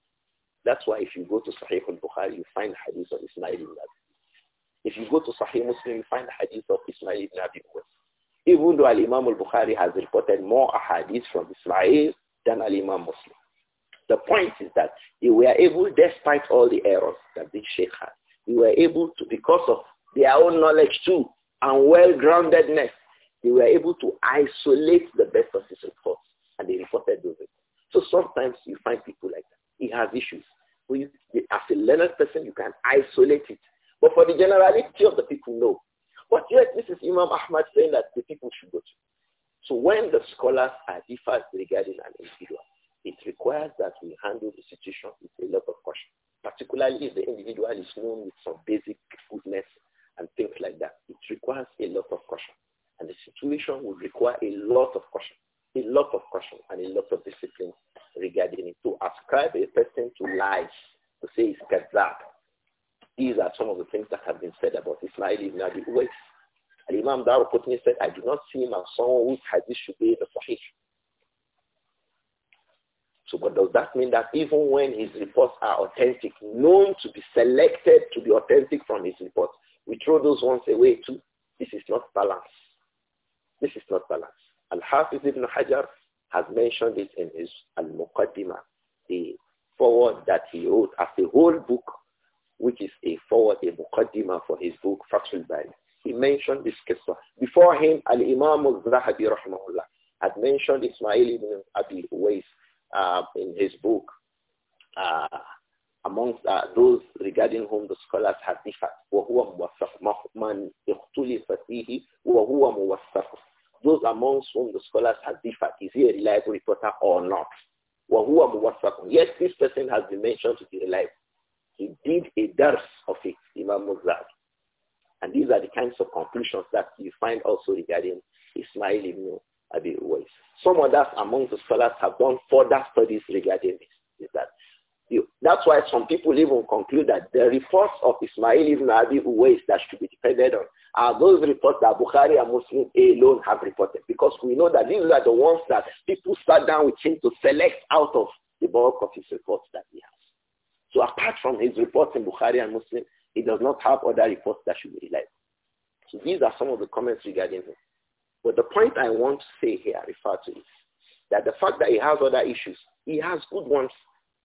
That's why if you go to Sahih al-Bukhari, you find hadith of Ismail ibn Abi. If you go to Sahih Muslim, you find hadith of Ismail ibn Abi. Even though Al-Imam al-Bukhari has reported more hadiths from Ismail than Al-Imam Muslim. The point is that they were able, despite all the errors that this sheikh had, they were able to, because of their own knowledge too, and well-groundedness, they were able to isolate the best of his reports and they reported those So sometimes you find people like that. He has issues. But as a learned person, you can isolate it. But for the generality of the people, no. But yet, this is Imam Ahmad saying that the people should go to. So when the scholars are differed regarding an individual, it requires that we handle the situation with a lot of caution, particularly if the individual is known with some basic goodness and things like that. It requires a lot of caution. And the situation would require a lot of caution a lot of caution and a lot of discipline regarding it. To ascribe a person to lies, to say it's kazab, these are some of the things that have been said about Ismail ibn Abi Uwais. And Imam Dar Qutni said, I do not see him as someone whose hadith should be the sahih. So but does that mean that even when his reports are authentic, known to be selected to be authentic from his reports, we throw those ones away too? This is not balance. This is not balance. Al-Hafiz ibn Hajar has mentioned it in his Al-Muqaddimah, the forward that he wrote as a whole book, which is a forward, a Muqaddimah for his book, al-Bayt. He mentioned this qissa. Before him, Al-Imam al-Zahabi, rahmahullah, had mentioned Ismail ibn Abi Uwais uh, in his book, uh, amongst uh, those regarding whom the scholars have differed those amongst whom the scholars have differed, is he a reliable reporter or not? Yes, this person has been mentioned to be reliable. He did a dars of it, Imam Muzab. And these are the kinds of conclusions that you find also regarding Ismail ibn Abi Uwais. Some others among the scholars have done further studies regarding this. Is that that's why some people even conclude that the reports of Ismail ibn Abi Uwais that should be depended on are those reports that Bukhari and Muslim alone have reported. Because we know that these are the ones that people sat down with him to select out of the bulk of his reports that he has. So apart from his reports in Bukhari and Muslim, he does not have other reports that should be relied So these are some of the comments regarding him. But the point I want to say here, I refer to is that the fact that he has other issues, he has good ones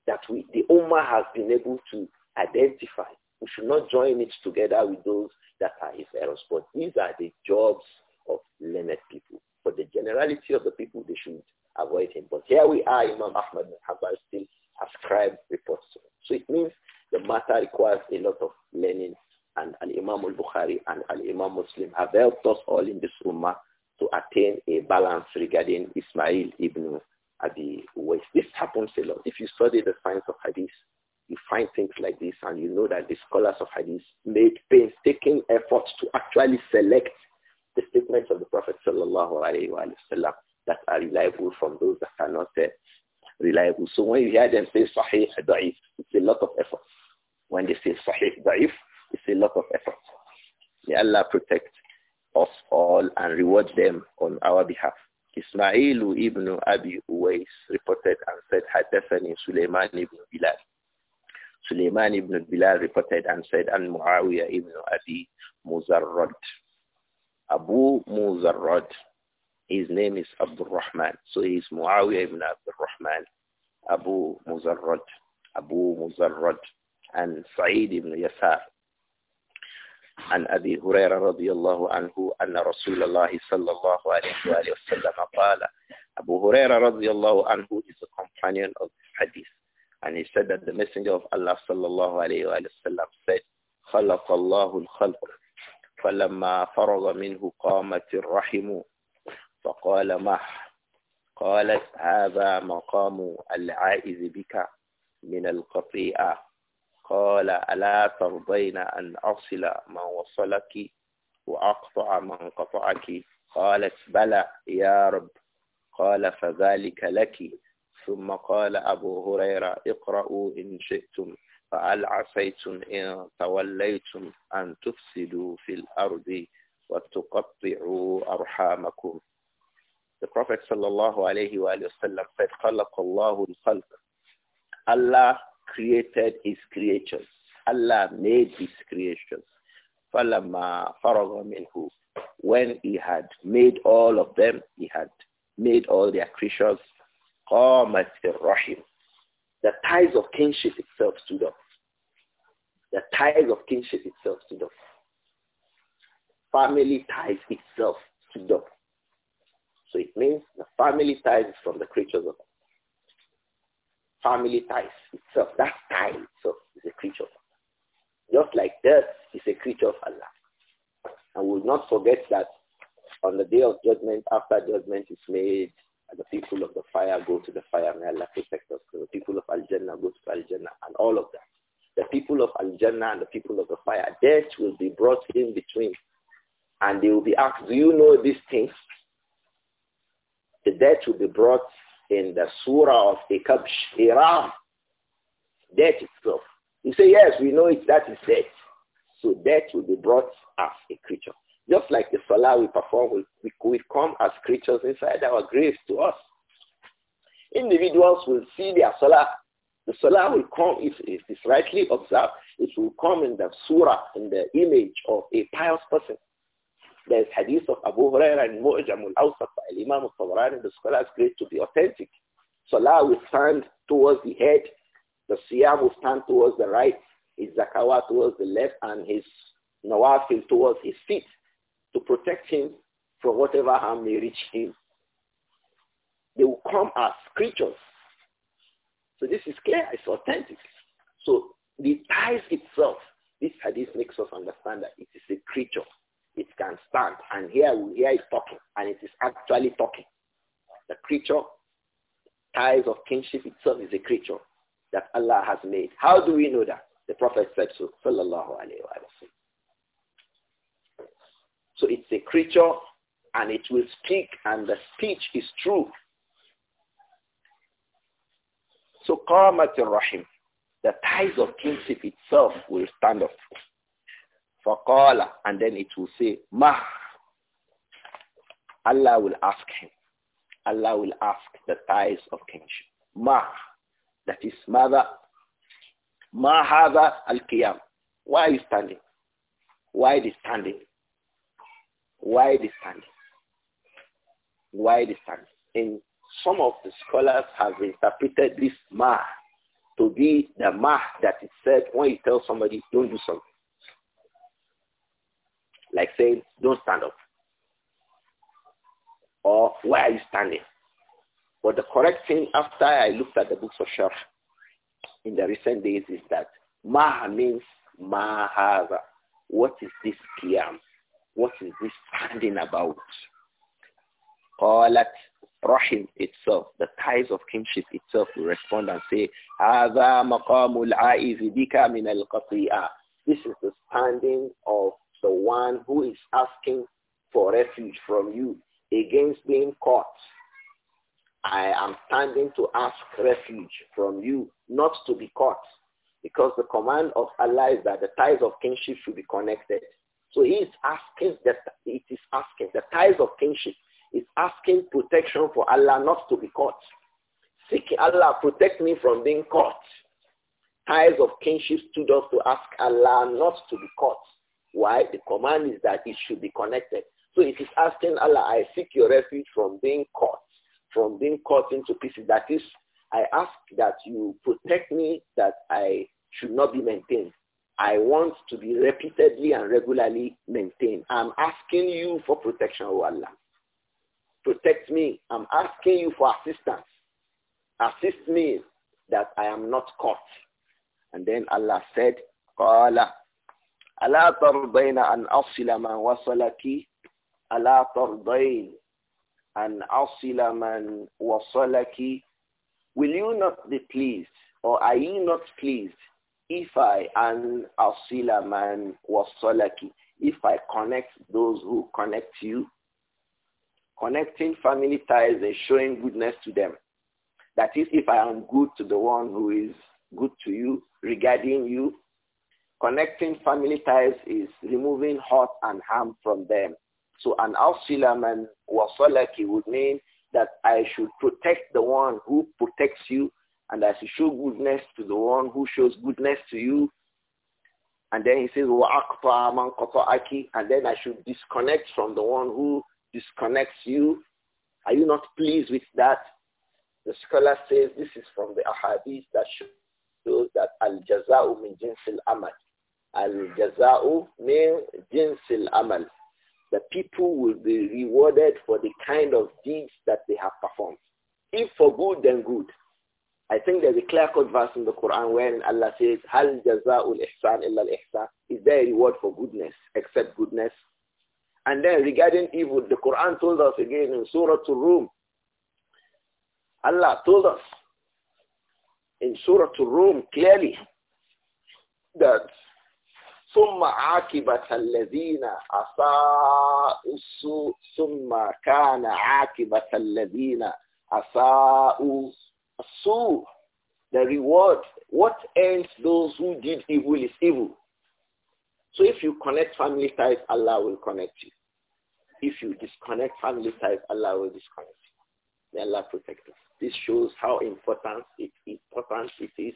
that we, the Ummah has been able to identify. We should not join it together with those that are his errors. But these are the jobs of learned people. For the generality of the people, they should avoid him. But here we are, Imam Ahmad bin Hanbal still ascribed reports So it means the matter requires a lot of learning. And imam al-Bukhari and imam Muslim have helped us all in this ummah to attain a balance regarding Ismail ibn at the waist. This happens a lot. If you study the science of hadith, you find things like this and you know that the scholars of hadith made painstaking efforts to actually select the statements of the Prophet sallallahu alaihi wasallam that are reliable from those that are not uh, reliable. So when you hear them say sahih, da'if, it's a lot of effort. When they say sahih, da'if, it's a lot of effort. May Allah protect us all and reward them on our behalf. Ismail ibn Abi Uwais reported and said, Hadathani Sulaiman ibn Bilal. Sulaiman ibn Bilal reported and said, and Muawiyah ibn Abi Muzarrad. Abu Muzarrad, his name is Abdul Rahman. So he is Muawiyah ibn Abdul Rahman, Abu Muzarrad, Abu Muzarrad, and Sa'id ibn Yasar. عن أبي هريرة رضي الله عنه أن رسول الله صلى الله عليه وآله وسلم قال أبو هريرة رضي الله عنه is a companion of this hadith and he said that the messenger of Allah صلى الله عليه وآله وسلم said خلق الله الخلق فلما فرغ منه قامت الرحم فقال ما قالت هذا مقام العائز بك من القطيئة قال ألا ترضين أن أصل من وصلك وأقطع من قطعك قالت بلى يا رب قال فذلك لك ثم قال أبو هريرة اقرأوا إن شئتم فهل عسيتم إن توليتم أن تفسدوا في الأرض وتقطعوا أرحامكم The Prophet sallallahu alayhi wa sallam said, خلق الله الخلق Allah created his creatures. Allah made his creations. فَلَمَّا فَرَغَ مِنْهُ When he had made all of them, he had made all their creatures, قَامَتِ الرَّحِمِ The ties of kinship itself stood up. The ties of kinship itself stood up. Family ties itself stood up. So it means the family ties from the creatures of family ties itself, that tie itself is a creature of Allah. Just like death is a creature of Allah. And we will not forget that on the day of judgment, after judgment is made, the people of the fire go to the fire, may Allah protect us. The people of Al-Jannah go to Al-Jannah and all of that. The people of Al-Jannah and the people of the fire, death will be brought in between. And they will be asked, do you know these things? The death will be brought in the surah of the Kabsh, death itself. You say, yes, we know it, that is death. So death will be brought as a creature. Just like the salah we perform, we, we come as creatures inside our graves to us. Individuals will see their salah. The salah will come, if, if it's rightly observed, it will come in the surah, in the image of a pious person. There's hadith of Abu Hurairah and Mu'jam al-Awsat Imam al-Tabarani, the scholars claim to be authentic. Salah will stand towards the head, the Siyam will stand towards the right, his Zakawah towards the left, and his Nawafil towards his feet to protect him from whatever harm may reach him. They will come as creatures. So this is clear, it's authentic. So the ties itself, this hadith makes us understand that it is a creature it can stand. And here we hear it talking, and it is actually talking. The creature, ties of kinship itself is a creature that Allah has made. How do we know that? The Prophet said so, sallallahu So it's a creature, and it will speak, and the speech is true. So qamat rahim the ties of kinship itself will stand up. Faqala. And then it will say, Mah. Allah will ask him. Allah will ask the ties of kingship. Mah. That is mother. Ma hada al-qiyam. Why are you standing? Why is standing? Why is standing? Why is standing? And some of the scholars have interpreted this ma to be the ma that is said when you tell somebody, don't do something. Like saying, don't stand up. Or why are you standing? But the correct thing after I looked at the books of Shaf in the recent days is that Maha means Mahara. What is this Qiyam? What is this standing about? Qalat Rahim itself, the ties of kinship itself will respond and say, هذا مقام العائذ بك من القطيئة. This is the standing of the one who is asking for refuge from you against being caught. I am standing to ask refuge from you, not to be caught. Because the command of Allah is that the ties of kinship should be connected. So he is asking that it is asking the ties of kinship is asking protection for Allah not to be caught. Seeking Allah protect me from being caught. Ties of kinship stood up to ask Allah not to be caught. Why? The command is that it should be connected. So it is asking Allah, I seek your refuge from being caught, from being caught into pieces. That is, I ask that you protect me, that I should not be maintained. I want to be repeatedly and regularly maintained. I'm asking you for protection, O Allah. Protect me. I'm asking you for assistance. Assist me that I am not caught. And then Allah said, Allah. ألا ترضين أن أصل من وصلك ألا ترضين أن أصل من وصلك Will you not be pleased or are you not pleased if I an أصل من وصلك If I connect those who connect you Connecting family ties and showing goodness to them. That is if I am good to the one who is good to you, regarding you, Connecting family ties is removing hurt and harm from them. So an awsilaman wasalaki would mean that I should protect the one who protects you and I should show goodness to the one who shows goodness to you. And then he says, aki, and then I should disconnect from the one who disconnects you. Are you not pleased with that? The scholar says this is from the ahadith that shows that al-jaza'u min jinsil amad. Al-jaza'u min jinsil amal. The people will be rewarded for the kind of deeds that they have performed. If for good, then good. I think there's a clear-cut verse in the Quran when Allah says, Hal jaza'ul ihsan illa al-ihsan. Is there a reward for goodness except goodness? And then regarding evil, the Quran told us again in Surah Al-Rum, Allah told us in Surah Al-Rum clearly that ثم عاقبة الذين أساءوا السوء ثم كان عاقبة الذين أساءوا السوء The reward, what ends those who did evil is evil. So if you connect family ties, Allah will connect you. If you disconnect family ties, Allah will disconnect you. May Allah protect us. This shows how important it, important it is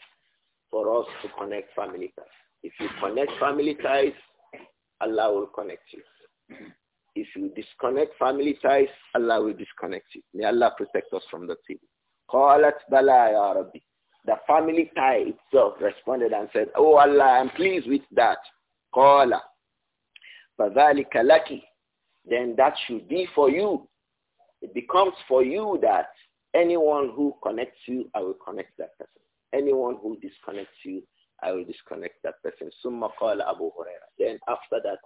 for us to connect family ties. If you connect family ties, Allah will connect you. If you disconnect family ties, Allah will disconnect you. May Allah protect us from the sin. Qalat bala ya Rabbi. The family tie itself responded and said, Oh Allah, I'm pleased with that. Qala. فَذَلِكَ لَكِ Then that should be for you. It becomes for you that anyone who connects you, I will connect that person. Anyone who disconnects you, I will disconnect that person. Summa qala Abu Huraira. Then after that,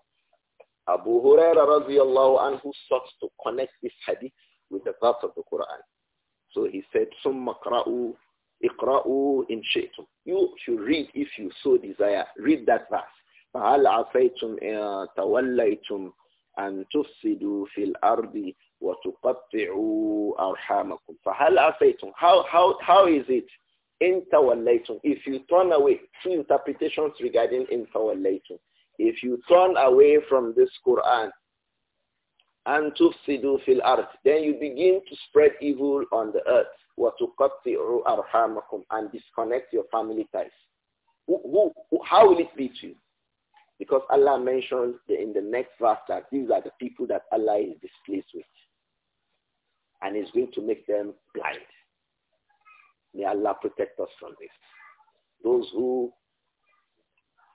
Abu Huraira radiallahu anhu sought to connect this hadith with the verse of the Quran. So he said, Summa qra'u, iqra'u in shaytum. You should read if you so desire. Read that verse. فَهَلْ عَفَيْتُمْ إِن تَوَلَّيْتُمْ أَن تُفْسِدُوا فِي الْأَرْضِ وَتُقَطِّعُوا أَرْحَامَكُمْ فَهَلْ عَفَيْتُمْ How, how, how is it Intawallaytum. If you turn away, see interpretations regarding intawallaytum. If you turn away from this Quran, and tufsidu fil art, then you begin to spread evil on the earth. And disconnect your family ties. Who, who, who, how will it be to you? Because Allah mentions in the next verse that these are the people that Allah is displeased with. And is going to make them blind. May Allah protect us from this. Those who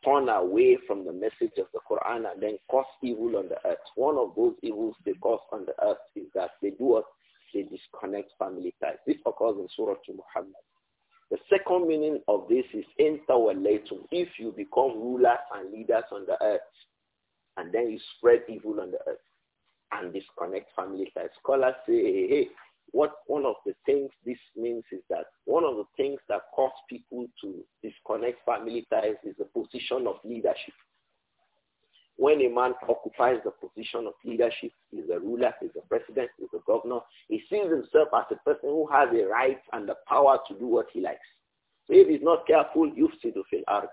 turn away from the message of the Quran and then cause evil on the earth. One of those evils they cause on the earth is that they do They disconnect family ties. This occurs in Surah to Muhammad. The second meaning of this is interwalatum. If you become rulers and leaders on the earth, and then you spread evil on the earth and disconnect family ties. Scholars say, hey, hey, what one of the things this means is that one of the things that cause people to disconnect family ties is the position of leadership. When a man occupies the position of leadership, he's a ruler, he's a president, he's a governor, he sees himself as a person who has the right and the power to do what he likes. So if he's not careful, you've yufsidu the ard.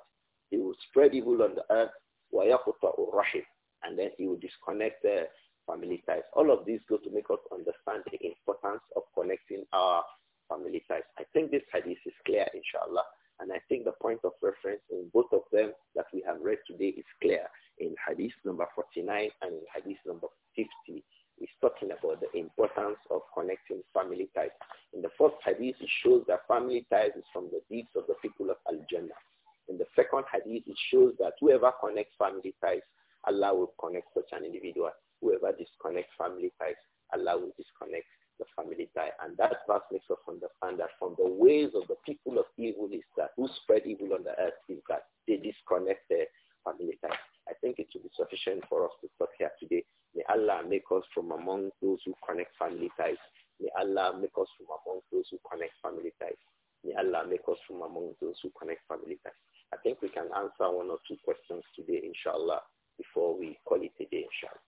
He will spread evil on the earth, wa yaqta'u rahim. And then he will disconnect the uh, family ties. All of these go to make us understand the importance of connecting our family ties. I think this hadith is clear, inshallah. And I think the point of reference in both of them that we have read today is clear. In hadith number 49 and in hadith number 50, is talking about the importance of connecting family ties. In the first hadith, it shows that family ties is from the deeds of the people of Al-Jannah. In the second hadith, it shows that whoever connects family ties, Allah will connect such an individual Whoever disconnects family ties, Allah will disconnect the family tie. And that verse makes us understand that from the ways of the people of evil is that who spread evil on the earth is that they disconnect their family ties. I think it will be sufficient for us to stop here today. May Allah make us from among those who connect family ties. May Allah make us from among those who connect family ties. May Allah make us from among those who connect family ties. I think we can answer one or two questions today, inshallah, before we call it a day, inshallah.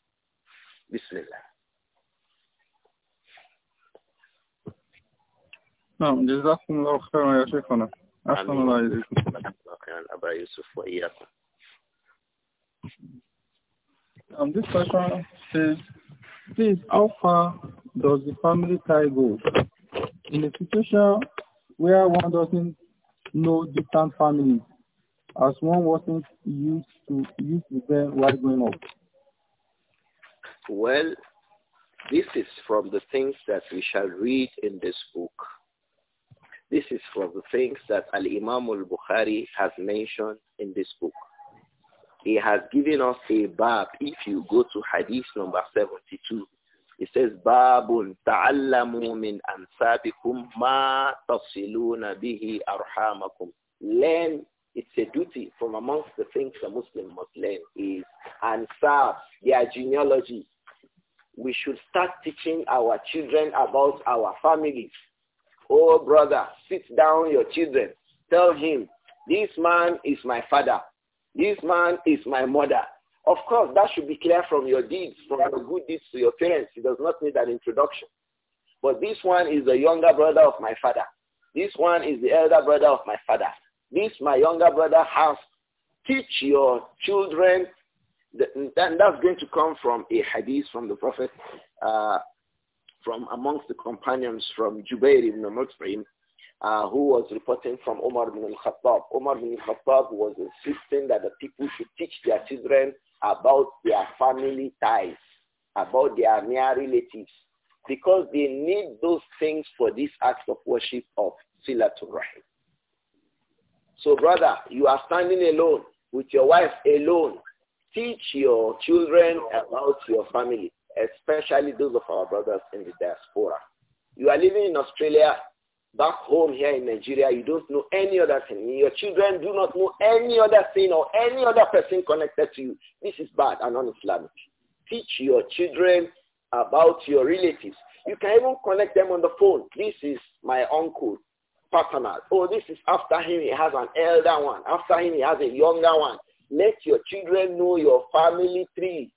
Bismillah. نعم جزاكم الله خيرا يا شيخنا أحسن الله إليكم أبا يوسف وإياكم um, this question says, please, how far does the family tie go? In a situation where one doesn't know distant families, as one wasn't used to use them while growing up, well, this is from the things that we shall read in this book. This is from the things that Al-Imam al-Bukhari has mentioned in this book. He has given us a bab. If you go to hadith number 72, it says, Babun ta'allamu min ansabikum ma tafsiluna bihi arhamakum. Learn, it's a duty from amongst the things a Muslim must learn is ansab, their genealogy, we should start teaching our children about our families. Oh, brother, sit down your children. Tell him, this man is my father. This man is my mother. Of course, that should be clear from your deeds, from your good deeds to your parents. It does not need an introduction. But this one is the younger brother of my father. This one is the elder brother of my father. This, my younger brother, has. Teach your children and that's going to come from a hadith from the Prophet, uh, from amongst the companions from Jubair ibn Mut'im, uh, who was reporting from Omar ibn al-Khattab. Omar ibn al-Khattab was insisting that the people should teach their children about their family ties, about their near relatives, because they need those things for this act of worship of Silatul Rahim. So brother, you are standing alone with your wife alone. Teach your children about your family, especially those of our brothers in the diaspora. You are living in Australia, back home here in Nigeria, you don't know any other thing. Your children do not know any other thing or any other person connected to you. This is bad and un-Islamic. Teach your children about your relatives. You can even connect them on the phone. This is my uncle, paternal. Oh, this is after him, he has an elder one. After him, he has a younger one. Let your children know your family tree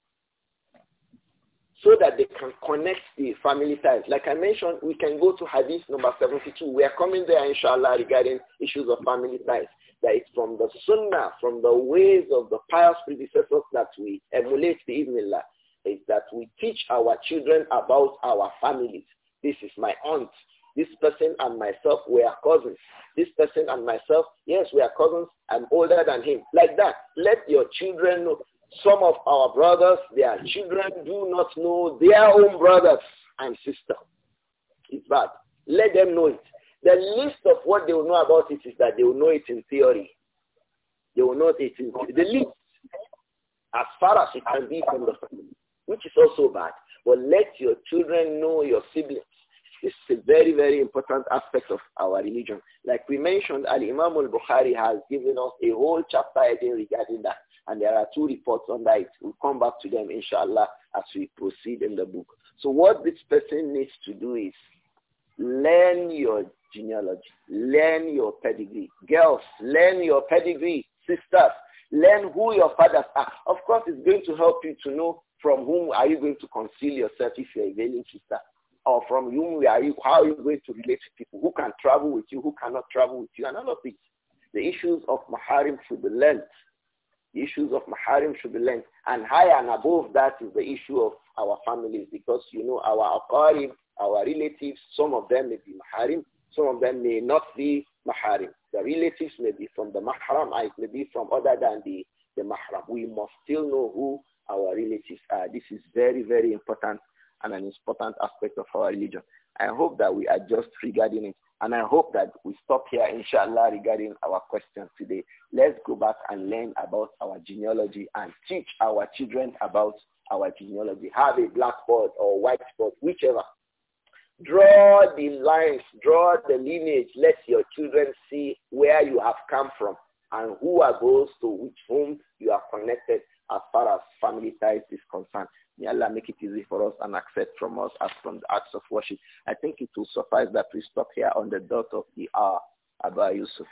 so that they can connect the family ties. Like I mentioned, we can go to Hadith number 72. We are coming there, inshallah, regarding issues of family ties. That it's from the sunnah, from the ways of the pious predecessors that we emulate the Iznillah, is that we teach our children about our families. This is my aunt. This person and myself, we are cousins. This person and myself, yes, we are cousins, I'm older than him. Like that. Let your children know. Some of our brothers, their children do not know their own brothers and sisters. It's bad. Let them know it. The least of what they will know about it is that they will know it in theory. They will know it in the least as far as it can be from the family, which is also bad. But let your children know your siblings is a very, very important aspect of our religion. Like we mentioned, Al-Imam al-Bukhari has given us a whole chapter again regarding that. And there are two reports on that. We'll come back to them, inshallah, as we proceed in the book. So what this person needs to do is learn your genealogy. Learn your pedigree. Girls, learn your pedigree. Sisters, learn who your fathers are. Of course, it's going to help you to know from whom are you going to conceal yourself if you're a veiling sister or from whom we are you, how are you going to relate to people, who can travel with you, who cannot travel with you, and all of these. The issues of maharim should be learned. The issues of maharim should be learned. And higher and above that is the issue of our families because, you know, our aqarim, our relatives, some of them may be maharim, some of them may not be maharim. The relatives may be from the mahram it may be from other than the, the mahram. We must still know who our relatives are. This is very, very important and an important aspect of our religion. I hope that we are just regarding it. And I hope that we stop here, inshallah, regarding our questions today. Let's go back and learn about our genealogy and teach our children about our genealogy. Have a blackboard or whiteboard, whichever. Draw the lines, draw the lineage. Let your children see where you have come from and who are those to which whom you are connected as far as family ties is concerned. May Allah make it easy for us and accept from us as from the acts of worship. I think it will suffice that we stop here on the dot of the R, Abba Yusuf.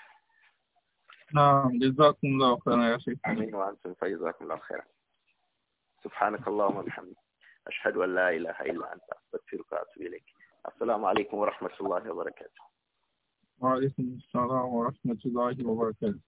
سبحانك اللهم وبحمدك أشهد أن لا إله إلا أنت أستغفرك وأتوب إليك السلام عليكم ورحمة الله وبركاته وعليكم السلام ورحمة الله وبركاته